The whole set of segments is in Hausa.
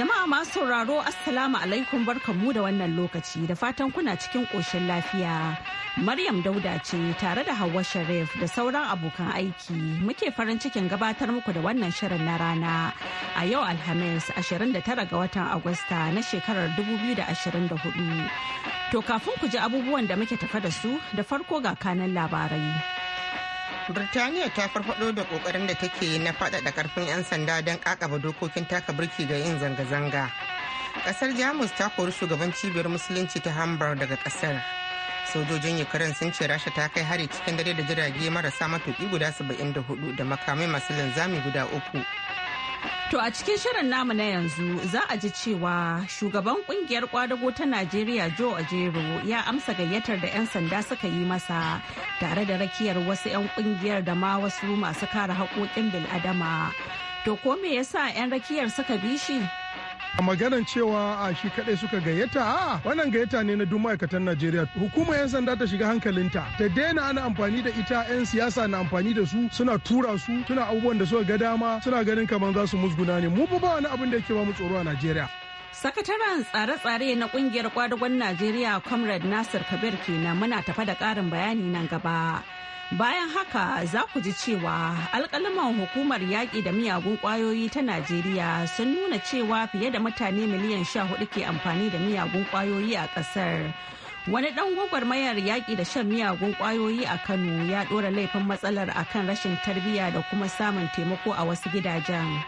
Jama'a masu sauraro Assalamu alaikum barkanmu da wannan lokaci da fatan kuna cikin ƙoshin lafiya. Maryam Dauda ce tare da Hauwa Sharif da sauran abokan aiki muke farin cikin gabatar muku da wannan shirin na rana a yau Alhamis 29 ga watan Agusta na shekarar 2024. To kafin ku ji abubuwan da muke tafa da su da farko ga kanan labarai. Birtaniya ta farfado da kokarin da take yi na faɗaɗa karfin 'yan sanda don ƙaƙaba dokokin taka birki ga yin zanga-zanga. ƙasar Jamus ta kori shugaban cibiyar musulunci ta Hamburg daga ƙasar Sojojin Ukraine sun ce Rasha ta kai hari cikin dare da jirage marasa matuƙi guda 74 da makamai masu linzami guda uku. To a cikin shirin namu na yanzu za a ji cewa shugaban kungiyar kwadago ta Najeriya Joe Ajero ya amsa gayyatar da 'yan sanda suka yi masa tare da rakiyar wasu 'yan kungiyar da ma wasu masu kare haƙoƙin bil'adama. To ko me yasa 'yan rakiyar suka bi shi? A maganan cewa a shi kadai suka gayyata a wannan gayyata ne na duk ma'aikatan najeriya hukumar yan sanda ta shiga hankalinta ta daina ana amfani da ita yan siyasa na amfani da su suna tura su suna abubuwan da suka ga dama suna ganin kamar za su musguna ne mu ba wani abin da yake ba mu tsoro a najeriya Sakataren tsare-tsare na kungiyar kwadagon Najeriya Comrade Nasir Kabir kenan muna tafa da ƙarin bayani nan gaba. Bayan haka za ku ji cewa alkalaman hukumar yaƙi da miyagun ƙwayoyi ta Najeriya sun nuna cewa fiye da mutane miliyan sha hudu ke amfani da miyagun ƙwayoyi a ƙasar. Wani ɗan gwagwarmayar yaƙi da shan miyagun ƙwayoyi a Kano ya ɗora laifin matsalar akan rashin tarbiyya da kuma samun taimako a wasu gidajen.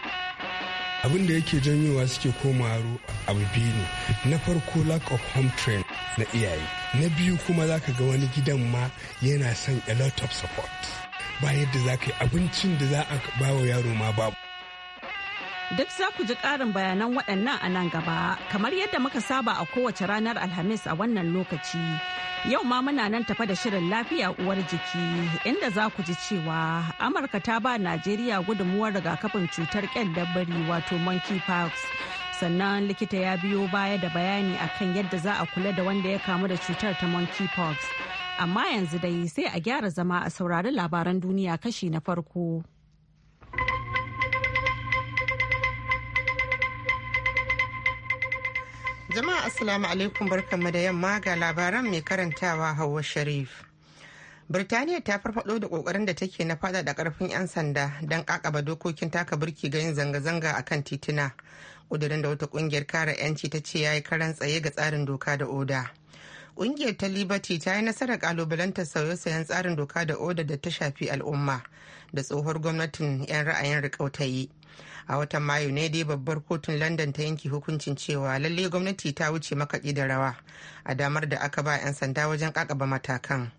abin da yake janyowa suke koma abu biyu ne na farko lack of home train na iyaye na biyu kuma zaka ga wani gidan ma yana son a lot of support ba yadda za ka yi abincin da za a ba wa yaro ma babu Duk za ku ji ƙarin bayanan waɗannan a nan gaba, kamar yadda muka saba a kowace ranar Alhamis a wannan lokaci. Yau ma muna nan tafa da shirin lafiya uwar jiki inda za ku ji cewa Amurka ta ba Najeriya gudunmuwar rigakafin cutar bari wato monkeypox. Sannan likita ya biyo baya da bayani akan yadda za a kula da wanda ya kamu da cutar ta monkeypox. Amma yanzu dai sai a gyara zama a saurari labaran duniya kashi na farko. Jama'a Assalamu alaikum barkanmu da yamma ga labaran mai karantawa Hauwa Sharif. Birtaniya ta farfado da kokarin da take na fada da karfin 'yan sanda don kakaba dokokin taka birki ga yin zanga-zanga a kan tituna. Kudurin da wata kungiyar kare 'yanci ta ce ya yi karan tsaye ga tsarin doka da oda. Kungiyar ta Liberty ta yi nasarar kalubalantar sauye-sayen tsarin doka da oda da ta shafi al'umma da tsohuwar gwamnatin 'yan ra'ayin rikau a watan mayu ne dai babbar kotun london ta yanke hukuncin cewa lalle gwamnati ta wuce makaɗi da rawa a damar da aka ba 'yan sanda wajen kakaba matakan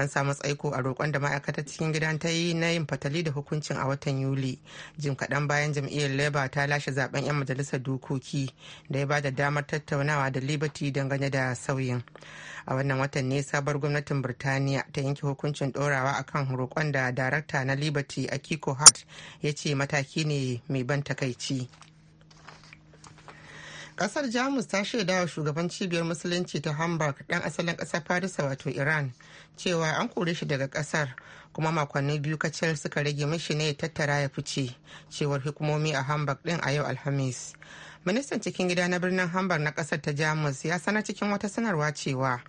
an samu tsaiko a roƙon da ma'aikatar cikin gidan ta yi na yin fatali da hukuncin a watan yuli jim kaɗan bayan jam'iyyar labour ta lashe zaben 'yan majalisar dokoki da ya ba da damar tattaunawa da liberty dangane da sauyin a wannan watan ne sabar gwamnatin birtaniya ta yanke hukuncin ɗorawa akan roƙon da darakta na liberty akiko hart ya ce mataki ne mai ban takaici kasar jamus ta shaida wa shugaban cibiyar musulunci ta hamburg dan asalin kasar farisa wato iran cewa an kore shi daga kasar kuma makonni biyu kacal suka rage mashi ne tattara ya fice cewar hukumomi a hamburg din a yau alhamis ministan cikin gida na birnin hambar na kasar ta jamus ya sanar cikin wata sanarwa cewa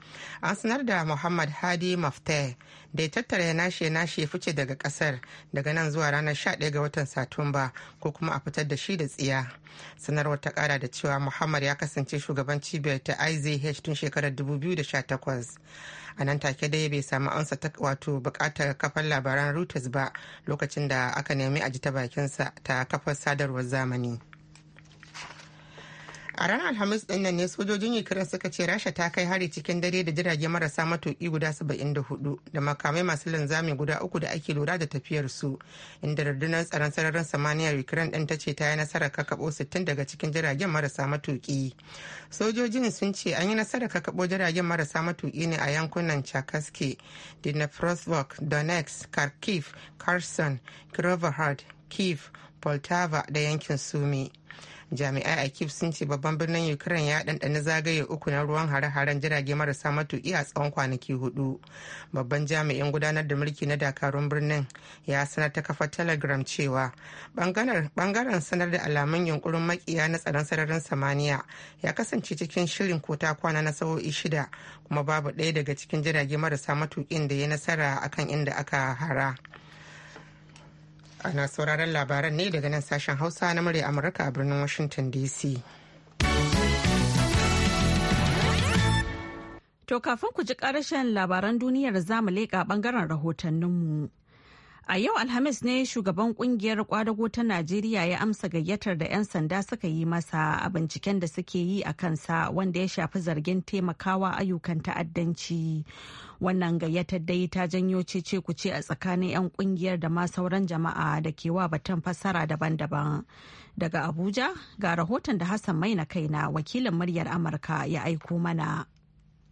an sanar da muhammad hadi mafte da ya tattara ya nashe ya nashe fice daga kasar daga nan zuwa ranar 11 ga watan satumba ko kuma a fitar da shi da tsiya sanarwar ta kara da cewa muhammad ya kasance shugaban cibiyar ta izh tun shekarar 2018 a nan take dai bai samu ansa ta wato bukatar kafar labaran reuters ba lokacin da aka nemi a ji ta bakinsa ta kafar sadarwar zamani a ranar alhamis din ne sojojin ukraine suka ce rasha ta kai hari cikin dare da jirage marasa matuki guda 74 da makamai masu linzami guda uku da ake lura da tafiyar su inda rundunar tsaron sararin samaniyar ukraine din ta ce ta yi nasarar kakabo 60 daga cikin jiragen marasa matuki sojojin sun ce an yi nasarar kakabo jiragen marasa matuki ne a yankunan chakaske dnipropetrovsk donetsk kharkiv kherson kirovohrad kiev poltava da yankin sumi jami'ai a kif sun ce babban birnin ukraine ya ɗanɗana zagaye uku na ruwan hare-haren jirage marasa matuƙi a tsawon kwanaki hudu babban jami'in gudanar da mulki na dakarun birnin ya sanar ta kafa telegram cewa bangaren sanar da alamun yunkurin makiya na tsaron sararin samaniya ya kasance cikin shirin kota kwana na sa'o'i shida kuma babu ɗaya daga cikin jirage marasa matuƙin da ya nasara akan inda aka hara ana sauraron labaran ne daga nan sashen hausa na murya amurka a birnin washington dc to kafin ku ji karashen labaran duniyar zamu leƙa bangaren rahotanninmu. A yau Alhamis ne shugaban kungiyar kwadago ta Najeriya ya amsa gayyatar da 'yan sanda suka yi masa a binciken da suke yi a kansa wanda ya shafi zargin taimakawa ayyukan ta'addanci. Wannan gayyatar dai ta janyo cece kuce a tsakanin 'yan kungiyar da ma sauran jama'a da ke wa batun fassara daban-daban. Daga Abuja ga rahoton da Hassan Maina kaina wakilin muryar Amurka ya aiko mana.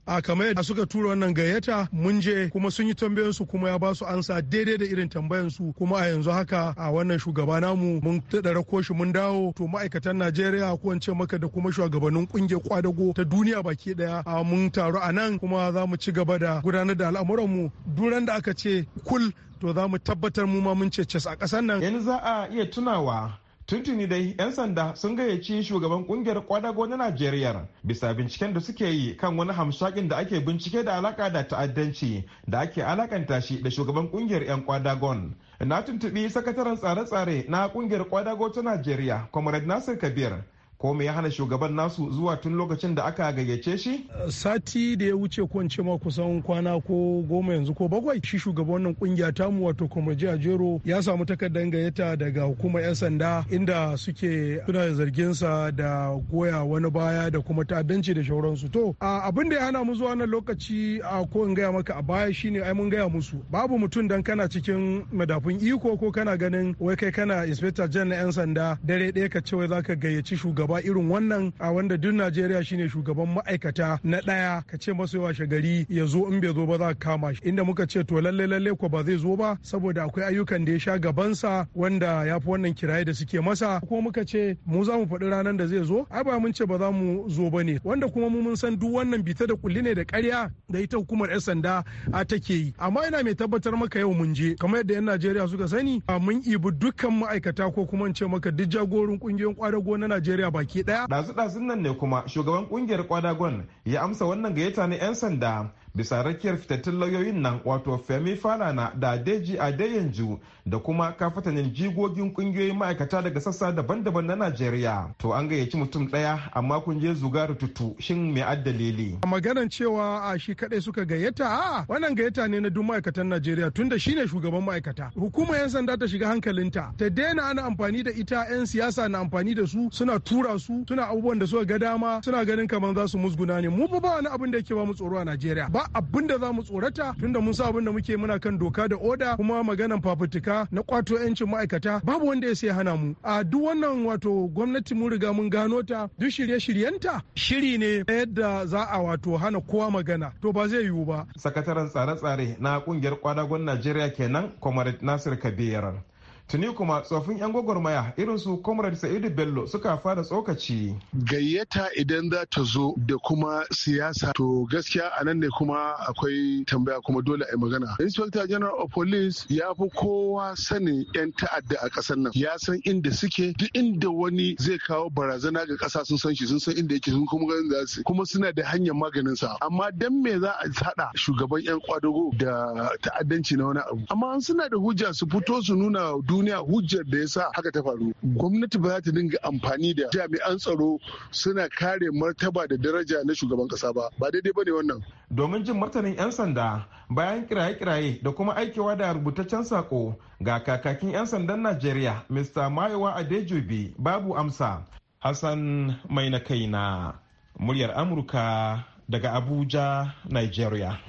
a kamar yadda suka tura wannan gayyata mun je kuma sun yi tambayansu kuma ya ba su ansa daidai da irin tambayan su kuma a yanzu haka a wannan shugaba namu mun tada rako shi mun dawo to ma'aikatan Najeriya ko ce maka da kuma shugabannin kungiyar kwadago ta duniya baki daya a mun taru a nan kuma za mu ci gaba da gudanar da al'amuran mu duran da aka ce kul to za mu tabbatar mu ma mun ce a ƙasar nan yanzu za a iya tunawa tuntuni dai 'yan sanda sun gayyaci shugaban kungiyar kwadago na najeriya bisa binciken da suke yi kan wani hamshakin da ake bincike da alaka da ta'addanci da ake alakanta shi da shugaban kungiyar 'yan kwadagon na tuntubi sakataren tsare-tsare na kungiyar kwadago ta najeriya comrade nasir kabir ko me ya hana shugaban nasu zuwa tun lokacin da aka gayyace shi? sati da ya wuce ko ma kusan kwana ko goma yanzu ko bakwai shi shugaban wannan kungiya mu wato kwamaji ajero ya samu takardar gayyata daga hukumar yan sanda inda suke suna zargin sa da goya wani baya da kuma ta'addanci da shauransu to abin da ya hana mu zuwa nan lokaci a ko in gaya maka a baya shine ai mun gaya musu babu mutum dan kana cikin madafun iko ko kana ganin wai kai kana inspector general na yan sanda dare ɗaya ka ce wai zaka gayyaci shugaban shugaba irin wannan a wanda duk najeriya shine shugaban ma'aikata na ɗaya ka ce masa yawa shagari ya zo in bai zo ba za ka kama shi inda muka ce to lalle lalle ko ba zai zo ba saboda akwai ayyukan da ya sha gabansa wanda ya fi wannan kiraye da suke masa ko muka ce mu za mu faɗi ranar da zai zo ai ba mun ce ba za mu zo ba ne wanda kuma mu mun san duk wannan bita da kulli ne da ƙarya da ita hukumar 'yan sanda a take yi amma ina mai tabbatar maka yau mun je kamar yadda 'yan najeriya suka sani mun ibi dukkan ma'aikata ko kuma ce maka duk jagorin kungiyoyin kwadago na najeriya baki daya. Dazu-dazun nan ne kuma shugaban kungiyar kwadagon ya amsa wannan gayyata na 'yan sanda bisa rakiyar fitattun lauyoyin nan wato femi na da deji adeyanju da kuma kafatanin jigogin kungiyoyin ma'aikata daga sassa daban-daban na najeriya to an gayyaci mutum daya amma kun je zuga rututu shin me addalili maganan cewa a shi kadai suka gayyata a wannan gayyata ne na duk ma'aikatan najeriya tunda shine shugaban ma'aikata hukumar yan sanda ta shiga hankalinta ta daina ana amfani da ita yan siyasa na amfani da su suna tura su suna abubuwan da suka ga dama suna ganin kamar za su musguna ne mu ba wani abin da yake ba mu tsoro a najeriya ba abin da za mu tsorata tunda mun sa abin da muke muna kan doka da oda kuma maganan fafutuka na kwato yancin ma'aikata babu wanda ya sai hana mu a duk wannan wato gwamnati mun riga mun gano ta duk shirye-shiryenta shiri ne yadda za a wato hana kowa magana to ba zai yiwu ba sakataren tsare-tsare na kungiyar kwadagon najeriya kenan comrade nasir kabir tuni kuma tsofin 'yan gwagwarmaya irin su comrade sa'idu bello suka fara tsokaci gayyata idan za ta zo da kuma siyasa to gaskiya a nan ne kuma akwai tambaya kuma dole a magana inspector general of police ya fi kowa sanin 'yan ta'adda a kasar nan ya san inda suke duk inda wani zai kawo barazana ga kasa sun san shi sun san inda yake sun kuma ganin su kuma suna da hanyar maganin sa amma dan me za a haɗa shugaban 'yan kwadago da ta'addanci na wani abu amma suna da hujja su fito su nuna duniya hujjar da ya sa haka ta faru gwamnati ba za ta dinga amfani da jami'an tsaro suna kare martaba da daraja na shugaban kasa ba ba daidai ba ne wannan domin jin martanin 'yan sanda bayan kiraye-kiraye da kuma aikewa da rubutaccen sako ga kakakin 'yan sandan najeriya mr mayowa adejobi babu amsa hassan mai na kai na muryar amurka daga abuja nigeria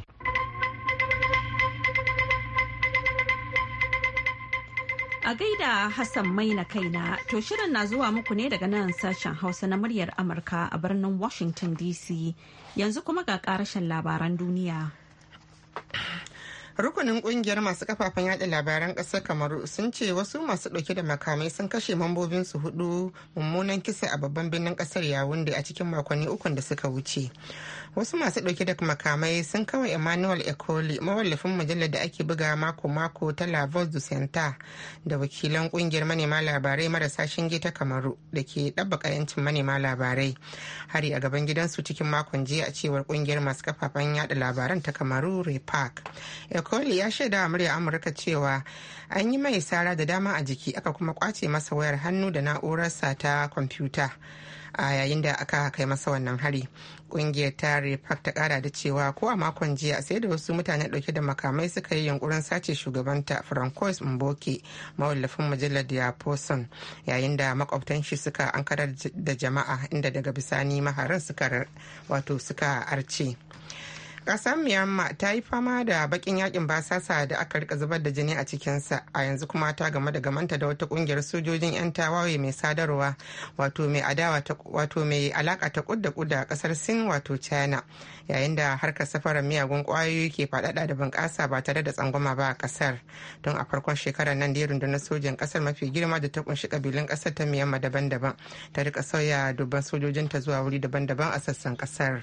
A gaida Hassan Maina na to shirin na zuwa muku ne daga nan sashen Hausa na muryar Amurka a birnin Washington DC. Yanzu kuma ga karashen labaran duniya. Rukunin kungiyar masu kafafen yada labaran ƙasar Kamaru sun ce wasu masu ɗauke da makamai sun kashe mambobinsu hudu mummunan kisa a babban birnin kasar Yawunde a cikin makonni ukun da suka wuce. wasu masu ɗauke da makamai sun kawai emmanuel ecoli mawallafin mujallar da ake buga mako-mako ta la voz du senta da wakilan kungiyar manema labarai marasa shinge ta kamaru da ke ɗabbaka 'yancin manema labarai hari a gaban gidansu cikin makon jiya a cewar kungiyar masu kafafen yada labaran ta kamaru repark ecoli ya shaida wa murya amurka cewa an yi mai sara da dama a jiki aka kuma kwace masa wayar hannu da na'urarsa ta kwamfuta a yayin da aka kai masa wannan hari kungiyar ta repac ta kara da cewa ko a makon jiya sai da wasu mutane dauke da makamai suka yi yunkurin sace shugabanta francois mboke mawallafin mujallar diaposon yayin da makwabtan shi suka ankarar da jama'a inda daga bisani maharan suka wato suka arce Ƙasar Myanmar ta yi fama da bakin yakin basasa da aka rika zubar da jini a cikinsa a yanzu kuma ta game da gamanta da wata kungiyar sojojin 'yan tawaye mai sadarwa wato mai adawa wato mai alaka ta kudda kudda a ƙasar Sin wato China yayin da harkar safarar miyagun kwayoyi ke faɗaɗa da bunƙasa ba tare da tsangwama ba a ƙasar don a farkon shekarar nan da ya rundunar sojin kasar mafi girma da ta kunshi kabilun ƙasar ta Myanmar daban-daban ta rika sauya dubban sojojinta zuwa wuri daban-daban a sassan ƙasar.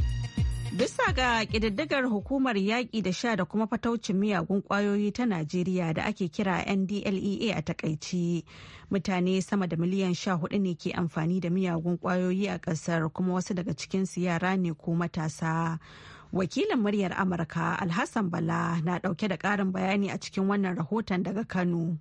Bisa ga ƙididdigar hukumar yaƙi da sha da kuma fataucin miyagun ƙwayoyi ta Najeriya da ake kira NDLEA a takaici, mutane sama da miliyan sha hudu ne ke amfani da miyagun ƙwayoyi a ƙasar kuma wasu daga cikinsu yara ne ko matasa. Wakilin muryar Amurka Alhassan Bala na ɗauke da ƙarin bayani a cikin wannan rahoton daga Kano.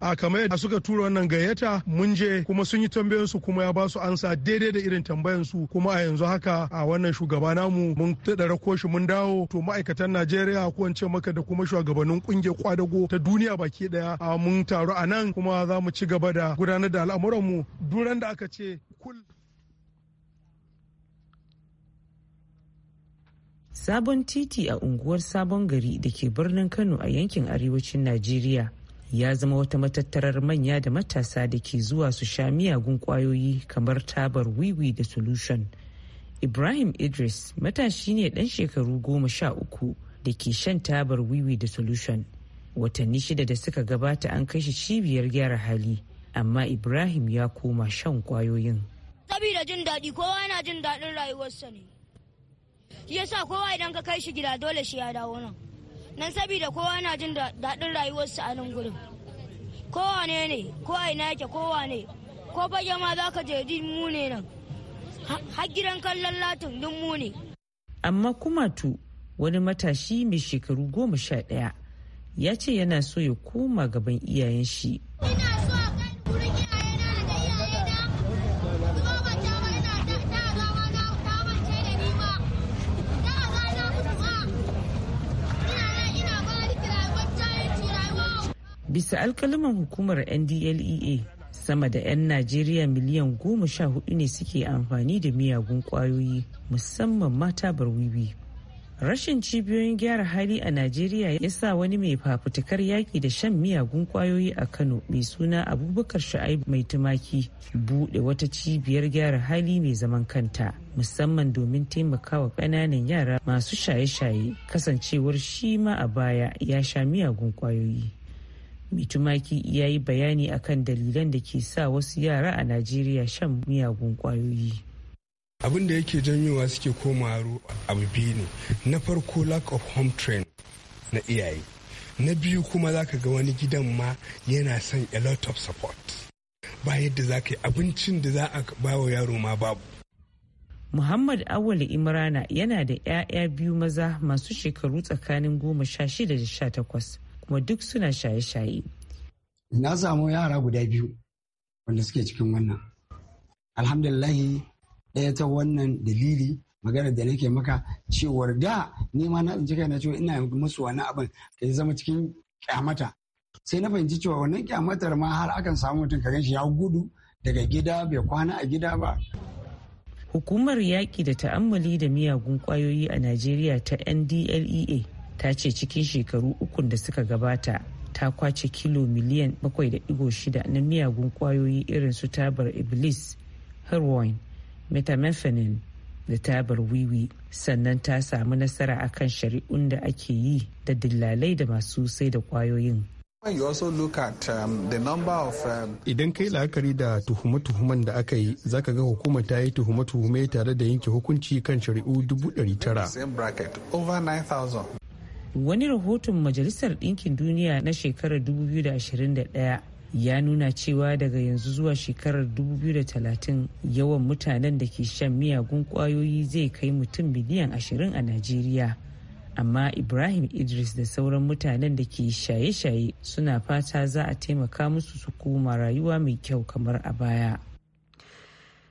a kamar yadda suka tura wannan gayyata mun je kuma sun yi tambayansu kuma ya ba su ansa daidai da irin tambayansu kuma a yanzu haka a wannan shugaba namu mun tada rako mun dawo to ma'aikatan Najeriya ko ce maka da kuma shugabannin kungiyar kwadago ta duniya baki daya a mun taru a nan kuma za mu ci gaba da gudanar da al'amuran mu duran da aka ce kul Sabon titi a unguwar Sabon Gari da ke birnin Kano a yankin arewacin Najeriya ya zama wata matattarar manya da matasa da ke zuwa su sha miyagun kwayoyi kamar tabar wiwi da solution ibrahim idris matashi ne dan shekaru goma sha uku da ke shan tabar wiwi da solution watanni shida da suka gabata an kai shi cibiyar gyara hali amma ibrahim ya koma shan kwayoyin sabida jin daɗi kowa yana jin daɗin rayuwarsa ne yasa kowa idan ka kai shi gida dole shi ya dawo nan nan saboda kowa na jin daɗin rayuwarsu a nan gurin kowane ne ko a ina yake kowa ne ko fage ma za ka je din mu nan har gidan kallon latin din mu ne amma kumatu wani matashi mai shekaru goma sha ɗaya ya ce yana so ya koma gaban iyayen shi. bisa alkalaman hukumar ndlea sama da 'yan najeriya miliyan goma sha hudu ne suke amfani da miyagun kwayoyi musamman mata barwiwi rashin cibiyoyin gyara hali a najeriya ya sa wani mai fafutukar yaƙi da shan miyagun kwayoyi a kano mai suna abubakar sha'aib mai tumaki buɗe wata cibiyar gyara hali mai zaman kanta musamman domin taimakawa ƙananan yara masu shaye-shaye kasancewar shi ma a baya ya sha miyagun kwayoyi Mitumaki ya yi bayani akan dalilan da ke sa wasu yara a Najeriya shan miyagun kwayoyi. Abin da yake janyowa suke koma abu biyu ne. Na farko lack of home train na iyaye. Na biyu kuma za ka ga wani gidan ma yana son a lot of support. Ba yadda za ka yi abincin da za a ba wa yaro ma babu. Muhammad Awal Imrana yana da 'ya'ya biyu maza masu shekaru tsakanin goma sha shida da sha takwas. kuma duk suna shaye-shaye. Na samu yara guda biyu wanda suke cikin wannan. Alhamdulillahi ɗaya ta wannan dalili maganar da nake maka cewar da ni ma na tsinci kai na cewa ina musu wani abin da ya zama cikin kyamata. Sai na fahimci cewa wannan kyamatar ma har akan samu mutum ka shi ya gudu daga gida bai kwana a gida ba. Hukumar yaƙi da ta'ammali da miyagun ƙwayoyi a Najeriya ta NDLEA ta ce cikin shekaru ukun da suka gabata ta kwace kilo miliyan 7.6 na miyagun kwayoyi irin su tabar iblis heroin methamphetamine da tabar wiwi sannan ta samu nasara akan shari'un da ake yi da dillalai da masu sai da kwayoyin um, um, Idan kai la'akari da tuhume-tuhumen da aka yi, za ga hukumar ta yi tuhume-tuhume tare da yanke hukunci kan shari'u 900. wani rahoton majalisar ɗinkin duniya na shekarar 2021 ya nuna cewa daga yanzu zuwa shekarar 2030 yawan mutanen da ke shan miyagun kwayoyi zai kai mutum miliyan 20 a najeriya amma ibrahim idris da sauran mutanen da ke shaye-shaye suna fata za a taimaka musu su koma rayuwa mai kyau kamar a baya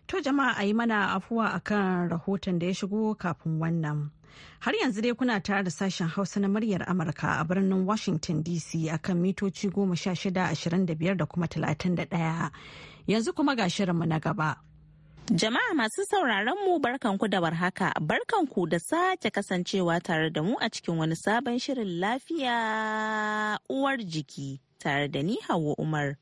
to jama'a a yi mana afuwa akan rahoton da ya shigo kafin wannan Har yanzu dai kuna tare da sashen Hausa na muryar Amurka a birnin Washington DC akan mitoci goma sha shida ashirin da biyar da kuma talatin da ɗaya. Yanzu kuma ga shirinmu na gaba. Jama'a masu sauraron mu barkanku da warhaka, barkanku da sake kasancewa tare da mu a cikin wani sabon shirin lafiya uwar jiki tare da ni Hauwa Umar.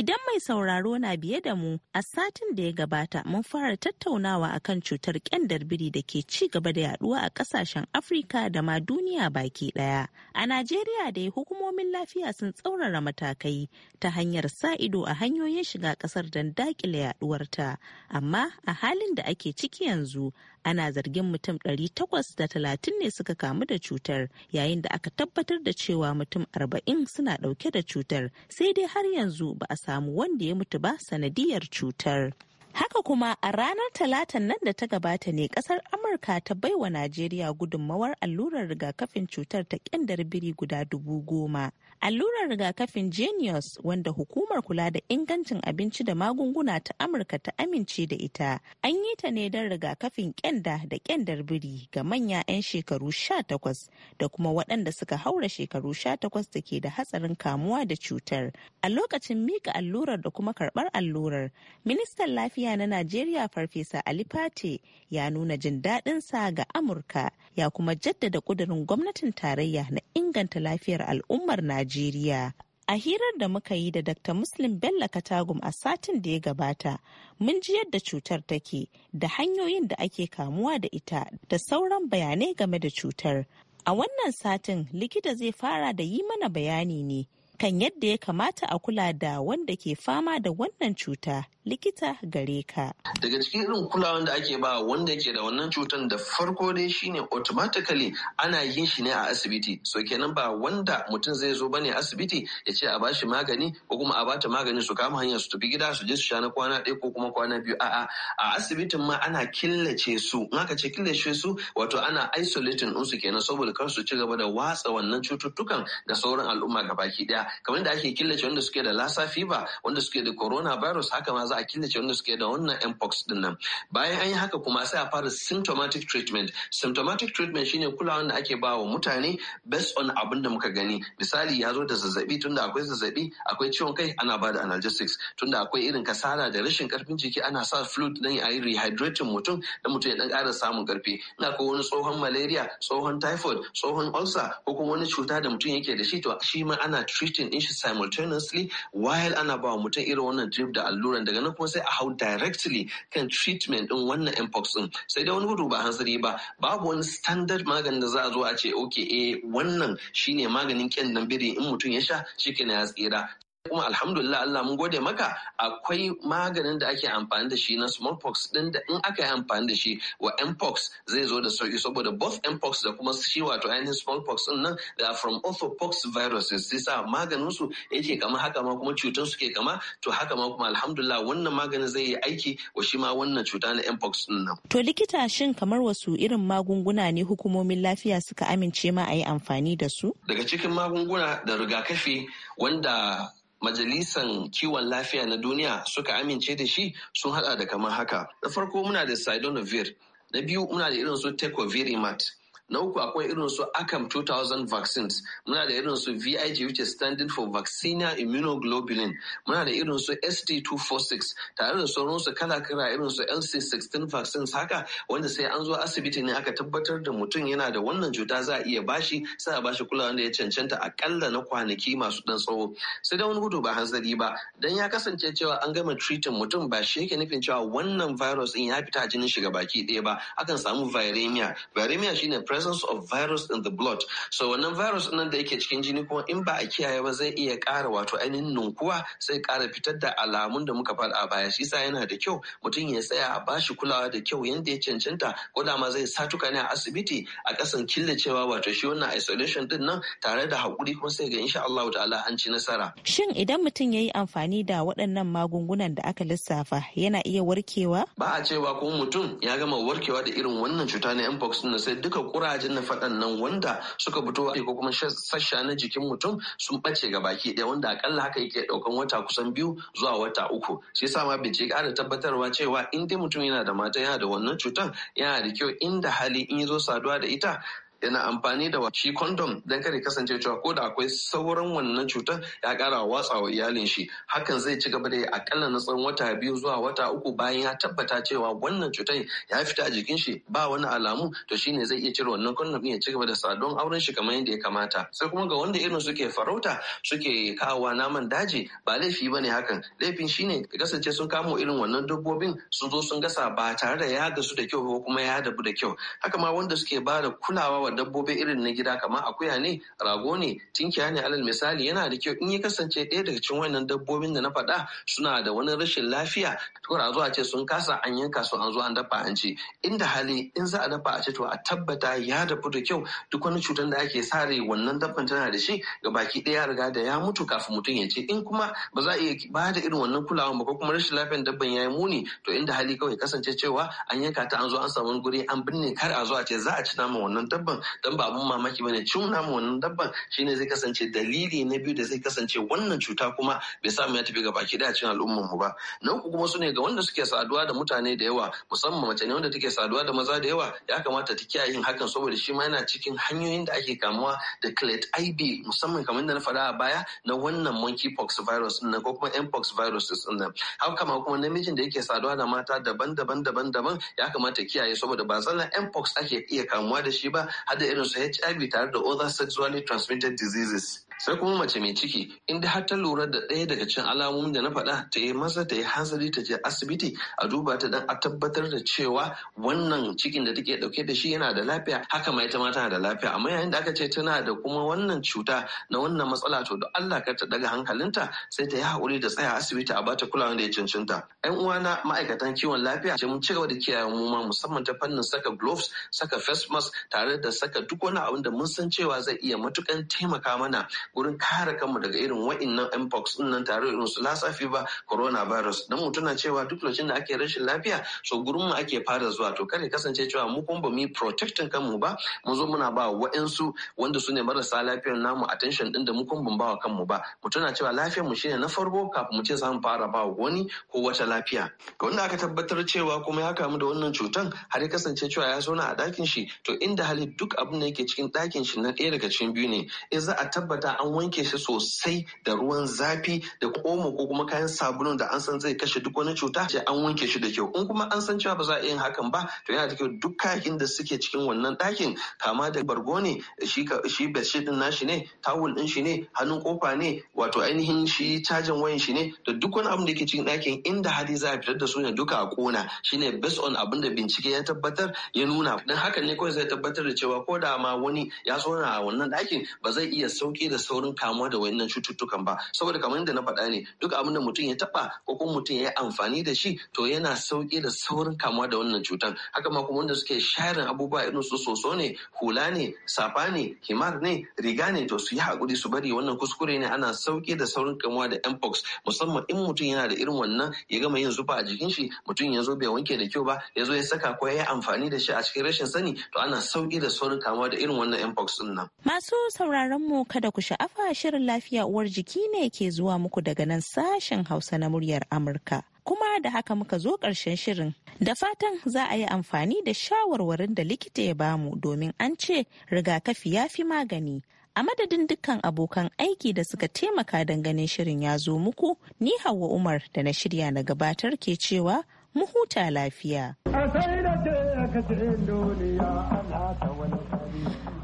Idan mai sauraro na biye da mu a satin da ya gabata mun fara tattaunawa a kan cutar kyandar biri da ke ci gaba da yaduwa a kasashen Afirka da ma duniya baki daya. A Najeriya da hukumomin lafiya sun tsaurara matakai ta hanyar sa ido a hanyoyin shiga kasar don dakile yaduwarta. Amma a halin da ake ciki yanzu ana zargin mutum 830 ne suka kamu da cutar yayin da aka tabbatar da cewa mutum 40 suna dauke da cutar sai dai har yanzu ba a samu wanda ya mutu ba sanadiyar cutar. Haka kuma a ranar talatan nan da ta gabata ne kasar Amurka ta baiwa Najeriya gudunmawar allurar rigakafin cutar ta kyandar biri guda dubu goma. Allurar rigakafin Genius wanda hukumar kula da ingancin abinci da magunguna ta Amurka ta amince da ita. An yi ta ne don rigakafin kyanda da kyandar biri ga manya 'yan shekaru sha takwas da kuma waɗanda suka haura shekaru 18 da ke da hatsarin kamuwa da cutar. A lokacin mika allurar da kuma karɓar allurar, ministan lafiya lafiya na Najeriya Farfesa Ali Fate ya nuna jin daɗinsa ga Amurka ya kuma jaddada ƙudurin gwamnatin tarayya na inganta lafiyar al'ummar Najeriya. A hirar da muka yi da Dr. Muslim Bello Katagum a satin da ya gabata, mun ji yadda cutar take da hanyoyin da ake kamuwa da ita da sauran bayanai game da cutar. A wannan satin likita zai fara da yi mana bayani ne kan yadda ya kamata a kula da wanda ke fama da wannan cuta likita gare ka. Daga cikin irin kulawan da ake ba wanda ke da wannan cutar da farko dai shine automatically ana yin shi ne a asibiti. So kenan ba wanda mutum zai zo bane asibiti ya ce a bashi magani ko kuma a bata magani su kama hanyar su tafi gida su je su sha na kwana ɗaya ko kuma kwana biyu a'a a asibitin ma ana killace su in aka ce killace su wato ana isolating ɗinsu kenan saboda kar su ci gaba da watsa wannan cututtukan da sauran al'umma gabaki ɗaya. kamar da ake killace wanda suke da lassa fever wanda suke da corona virus haka ma za a killace wanda suke da wannan mpox din nan bayan an yi haka kuma sai a fara symptomatic treatment symptomatic treatment shine kulawar da ake bawa mutane based on abin da muka gani misali ya zo da zazzabi tunda akwai zazzabi akwai ciwon kai ana bada da analgesics tunda akwai irin kasala da rashin karfin jiki ana sa fluid dan a yi rehydrating mutum da mutum ya dan ƙara samun karfi ina ko wani tsohon malaria tsohon typhoid tsohon ulcer ko kuma wani cuta da mutum yake da shi to shi ma ana treating treating din shi simultaneously while ana ba mutum irin wannan drip da alluran daga nan kuma sai a hau directly kan treatment din wannan mpox din sai dai wani gudu ba hanzari ba babu wani standard maganin da za a zo a ce okay eh wannan shine maganin kyan biri in mutum ya sha shikenan ya tsira kuma alhamdulillah Allah mun gode maka akwai maganin da ake amfani da shi na smallpox din da in aka yi amfani da shi wa mpox zai zo da sauki saboda both mpox da kuma shi wato ainihin smallpox din nan da from orthopox viruses sai sa maganin su yake kama haka ma kuma cutar su ke kama to haka ma kuma alhamdulillah wannan maganin zai yi aiki wa shi ma wannan cuta na mpox din nan to likita shin kamar wasu irin magunguna ne hukumomin lafiya suka amince ma a yi amfani da su daga cikin magunguna da rigakafi wanda majalisan kiwon lafiya na duniya suka amince da shi sun hada da kamar haka. Na farko muna da Sidonovir, na biyu muna da irin su Tecovirimat, na uku akwai irin su acam 2000 vaccines muna da irin su vig which is standing for vaccina immunoglobulin muna da irin su st246 tare da sauransu kala kala irin su lc16 vaccines haka wanda sai an zo asibiti ne aka tabbatar da mutum yana da wannan cuta za a iya bashi sai a bashi kulawa da ya cancanta akalla na kwanaki masu dan tsawo sai da wani gudu ba hanzari ba dan ya kasance cewa an gama treating mutum ba shi yake nufin cewa wannan virus din ya fita jinin shiga baki ɗaya ba akan samu viremia viremia shine presence of virus in the blood so wannan virus nan da yake cikin jini kuma in ba a kiyaye ba zai iya kara wato ainihin nunkuwa sai kara fitar da alamun da muka faɗa a baya shi yasa yana da kyau mutum ya tsaya a bashi kulawa da kyau yanda ya cancanta ko da ma zai satuka ne a asibiti a ƙasan killacewa wato shi wannan isolation din nan tare da haƙuri kuma sai ga insha Allah ta'ala an ci nasara shin idan mutum yayi amfani da waɗannan magungunan da aka lissafa yana iya warkewa ba a cewa ko mutum ya gama warkewa da irin wannan cuta na mpox din sai duka kura mazajen na faɗan nan wanda suka fito ko kuma sassa na jikin mutum sun ɓace ga baki ɗaya wanda akalla haka yake ɗaukan wata kusan biyu zuwa wata uku shi yasa ma bincike ƙara tabbatarwa cewa in dai mutum yana da mata yana da wannan cutar yana da kyau inda hali in ya zo saduwa da ita yana amfani da shi condom don kare kasance cewa ko da akwai sauran wannan cutar ya kara watsa wa iyalin shi hakan zai ci gaba da ya akalla na tsawon wata biyu zuwa wata uku bayan ya tabbata cewa wannan cutar ya fita a jikin shi ba wani alamu to shine zai iya cire wannan condom ya ci gaba da saduwan auren shi kamar yadda ya kamata sai kuma ga wanda irin suke farauta suke kawowa naman daji ba laifi bane hakan laifin shine kasance sun kamo irin wannan dabbobin sun zo sun gasa ba tare da ya su da kyau ko kuma ya dabu da kyau haka ma wanda suke ba da kulawa kiwon dabbobi irin na gida kamar akuya ne rago ne tinkiya ne alal misali yana da kyau in ya kasance ɗaya daga cikin wannan dabbobin da na faɗa suna da wani rashin lafiya to a zuwa ce sun kasa an yanka su an zo an dafa an ci inda hali in za a dafa a ce to a tabbata ya dafu da kyau duk wani cutar da ake sare wannan dabban tana da shi ga baki ɗaya riga da ya mutu kafin mutum ya ce in kuma ba za a iya ba da irin wannan kulawa ba ko kuma rashin lafiyar dabban ya yi muni to inda hali kawai kasance cewa an yanka ta an zo an samu guri an binne kar a zo a ce za a ci naman wannan dabban Don ba abun mamaki bane cin namu wannan dabban shine zai kasance dalili na biyu da zai kasance wannan cuta kuma bai samu ya tafi ga baki da cikin al'umman mu ba na uku kuma ne ga wanda suke saduwa da mutane da yawa musamman mace ne wanda take saduwa da maza da yawa ya kamata ta kiyaye yin hakan saboda shi ma yana cikin hanyoyin da ake kamuwa da clade IB musamman kamar da na faɗa a baya na wannan monkeypox virus din ko kuma mpox virus din nan haka ma kuma namijin da yake saduwa da mata daban-daban daban-daban ya kamata kiyaye saboda ba tsallan mpox ake iya kamuwa da shi ba had the NSH, HIV with other sexually transmitted diseases. sai kuma mace mai ciki inda har ta lura da ɗaya daga cikin alamomin da na faɗa ta yi masa ta yi hanzari ta je asibiti a duba ta dan a tabbatar da cewa wannan cikin da take ɗauke da shi yana da lafiya haka ma ita ma tana da lafiya amma yayin da aka ce tana da kuma wannan cuta na wannan matsala to da Allah kar ta daga hankalinta sai ta yi haƙuri da tsaya asibiti a bata kulawa da ya cancanta. ‘Yan uwana ma'aikatan kiwon lafiya ce mun ci gaba da kiyaye mu ma musamman ta fannin saka gloves, saka face mask tare da saka duk wani abin da mun san cewa zai iya matukan taimaka mana Wurin kare kanmu daga irin wa'innan mpox din nan tare da su ba corona virus. dan mu na cewa duk lokacin da ake rashin lafiya so gurin mu ake fara zuwa to kare kasance cewa mu kuma ba mu protectin kanmu ba mu zo muna ba wa'insu wanda su ne marasa lafiyar namu attention din da mu kuma ban ba wa kanmu ba mu na cewa lafiyar mu shine na farko kafin mu ce za mu fara ba wani ko wata lafiya ga wanda aka tabbatar cewa kuma ya kamu da wannan cutan har ya kasance cewa ya zauna a dakin shi to inda hali duk abin da yake cikin dakin shi na ɗaya daga cikin biyu ne in za a tabbata an wanke shi sosai da ruwan zafi da komo ko kuma kayan sabulun da an san zai kashe duk wani cuta sai an wanke shi da kyau in kuma an san cewa ba za a yin hakan ba to yana da kyau duk kayan da suke cikin wannan ɗakin kama da bargo ne shi shi bedsheet din nashi ne tawul din shi ne hannun kofa ne wato ainihin shi cajin wayan shi ne da duk wani abu da ke cikin ɗakin inda hali za a fitar da su ne duka a kona shine based on abin da bincike ya tabbatar ya nuna dan hakan ne kawai zai tabbatar da cewa ko da ma wani ya so na wannan ɗakin ba zai iya sauke da saurin kamuwa da wayannan cututtukan ba saboda kamar yadda na faɗa ne duk abin da mutum ya taɓa ko kuma mutum ya yi amfani da shi to yana sauƙi da saurin kamuwa da wannan cutan haka ma kuma wanda suke sharin abubuwa irin su soso ne hula ne safa ne himar ne riga ne to su yi haƙuri su bari wannan kuskure ne ana sauƙi da saurin kamuwa da mpox musamman in mutum yana da irin wannan ya gama yin zufa a jikin shi mutum ya zo bai wanke da kyau ba ya zo ya saka ko ya yi amfani da shi a cikin rashin sani to ana sauƙi da saurin kamuwa da irin wannan mpox din nan. Masu sauraron mu kada ku sha'afa shirin lafiya uwar jiki ne ke zuwa muku daga nan sashen Hausa na muryar Amurka. Kuma da haka muka zo ƙarshen shirin. Da fatan za a yi amfani da shawarwarin da likita ya bamu domin an ce rigakafi ya fi magani. A madadin dukkan abokan aiki da suka taimaka ganin shirin ya zo muku, ni Hauwa Umar da na shirya na gabatar ke cewa mu huta lafiya.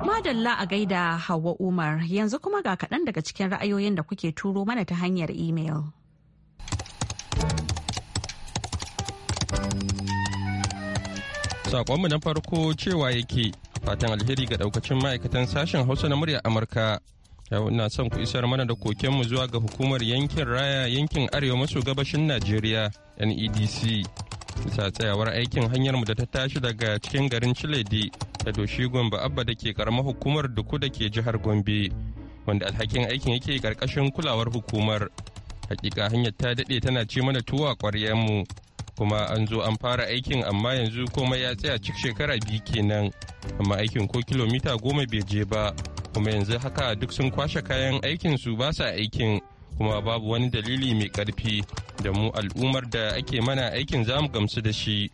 Madalla a gaida Hauwa Umar yanzu kuma ga kaɗan daga cikin ra'ayoyin da kuke turo mana ta hanyar imel. Sakonmu na farko cewa yake fatan alheri ga daukacin ma'aikatan sashen Hausa na murya Amurka. na ina son ku isar mana da kokenmu zuwa ga hukumar yankin raya yankin arewa maso gabashin Najeriya NEDC bisa tsayawar aikin hanyar mu da ta tashi daga cikin garin Chiledi da doshi Gombe Abba da ke karamar hukumar Duku da ke jihar Gombe wanda alhakin aikin yake karkashin kulawar hukumar. Hakika hanyar ta daɗe tana ce mana tuwa ƙwaryen mu kuma an zo an fara aikin amma yanzu komai ya tsaya cik shekara biyu kenan amma aikin ko kilomita goma bai je ba kuma yanzu haka duk sun kwashe kayan aikin su ba sa aikin kuma babu wani dalili mai karfi da mu al'ummar da ake mana aikin zamu gamsu da shi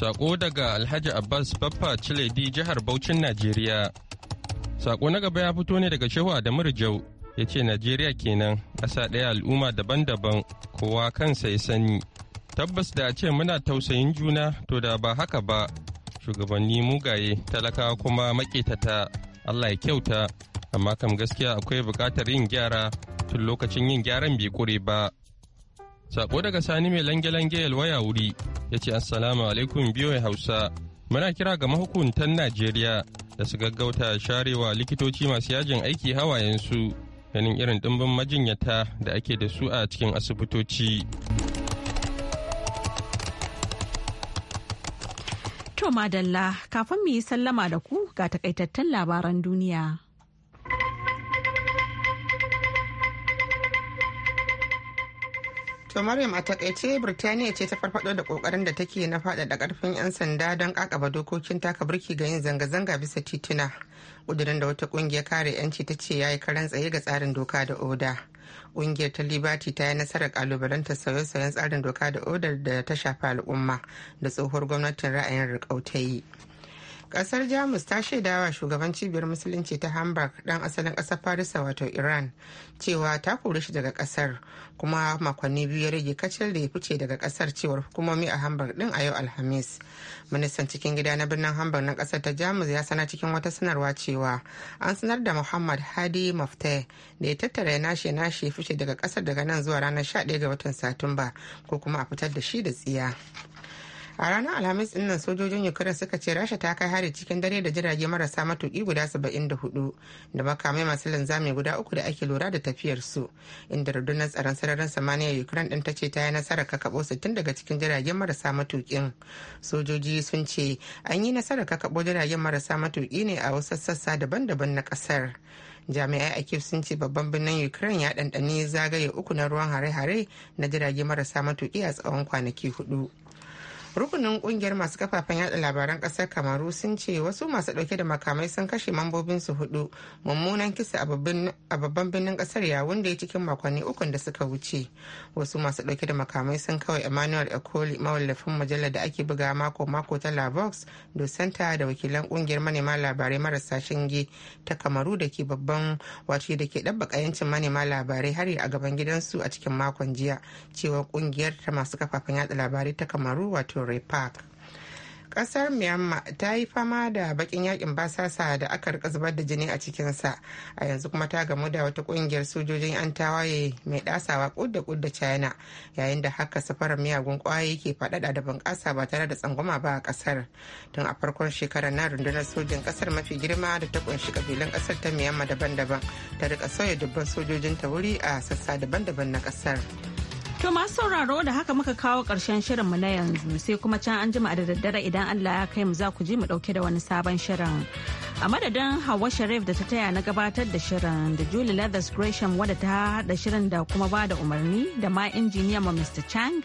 sako daga alhaji abbas baffa ciledi jihar Bauchin najeriya sako na gaba ya fito ne daga shehu adamu jau ya ce najeriya kenan ƙasa ɗaya al'umma daban-daban kowa kansa ya sani tabbas da a ce muna tausayin juna to da ba haka ba shugabanni mugaye talakawa kuma maƙetata allah ya kyauta amma kam gaskiya akwai buƙatar yin gyara tun lokacin yin gyaran bai kure ba sako daga sani mai lange-lange ya wuri ya ce assalamu alaikum ya hausa muna kira ga mahukuntan najeriya da su gaggauta sharewa likitoci masu yajin aiki hawayensu ganin irin ɗimbin majinyata da ake da su a cikin asibitoci to madalla kafin mu yi sallama da ku ga takaitattun labaran duniya To Maryam a takaice Birtaniya ce ta farfado da kokarin da take na faɗaɗa karfin 'yan sanda don kakaba dokokin taka birki ga yin zanga-zanga bisa tituna. Ƙudurin da wata kungiyar kare 'yanci ta ce yayi karan tsaye ga tsarin doka da oda. Kungiyar ta Liberty ta yi nasarar kalubalanta sauye-sauyen tsarin doka da odar da ta shafi al'umma da tsohuwar gwamnatin ra'ayin rikau ta yi. kasar jamus ta shaida wa shugaban cibiyar musulunci ta hamburg dan asalin kasar farisa wato iran cewa ta kori shi daga kasar kuma makonni biyu ya rage kacal da ya fice daga kasar cewar hukumomi a hamburg din a yau alhamis ministan cikin gida na birnin hamburg na kasar ta jamus ya sana cikin wata sanarwa cewa an sanar da muhammad hadi mafte da ya tattara ya nashe nashe ya fice daga kasar daga nan zuwa ranar 11 ga watan satumba ko kuma a fitar da shi da tsiya a ranar alhamis din nan sojojin ukraine suka ce rasha ta kai hari cikin dare da jirage marasa matuki guda saba'in da hudu da makamai masu linzami guda uku da ake lura da tafiyar su inda rundunar tsaron sararin samaniyar ukraine din ta ce ta yi nasarar kakabo 60 daga cikin jiragen marasa matukin sojoji sun ce an yi nasarar kakabo jiragen marasa matuki ne a wasu sassa daban-daban na kasar jami'ai a kif sun ce babban birnin ukraine ya ɗanɗani zagaye uku na ruwan hare-hare na jirage marasa matuki a tsawon kwanaki hudu rukunin kungiyar masu kafafen yada labaran kasar kamaru sun ce wasu masu dauke da makamai sun kashe mambobin su hudu mummunan kisa a babban birnin kasar ya wanda ya cikin makonni uku da suka wuce wasu masu dauke da makamai sun kawai emmanuel ecoli mawallafin mujallar da ake buga mako mako ta lavox dosanta da wakilan kungiyar manema labarai marasa shinge ta kamaru da ke babban wato da ke ɗabbaka yancin manema labarai har a gaban gidansu a cikin makon jiya cewa kungiyar ta masu kafafen yada labarai ta kamaru wato ture park kasar myanmar ta yi fama da bakin yakin basasa da aka rika zubar da jini a cikinsa a yanzu kuma ta gamu da wata kungiyar sojojin yan tawaye mai dasawa kudda kudda china yayin da haka safarar miyagun kwaye ke faɗaɗa da bunƙasa ba tare da tsangwama ba a kasar tun a farkon shekarar na rundunar sojin kasar mafi girma da ta kunshi kabilan kasar ta myanmar daban-daban ta rika sauya dubban sojojin ta wuri a sassa daban-daban na kasar. To masu sauraro da haka muka kawo ƙarshen shirinmu na yanzu sai kuma can an jima da daddare idan Allah ya kai mu za ku ji mu ɗauke da wani sabon shirin. A madadin Hawa Sharif da ta taya na gabatar da shirin da Julie Leathers Gresham wadda ta haɗa shirin da kuma ba da umarni da ma injiniya ma Mr. Chang.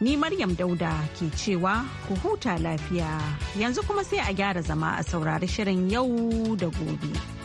Ni Maryam Dauda ke cewa ku huta lafiya yanzu kuma sai a gyara zama a saurari shirin yau da gobe.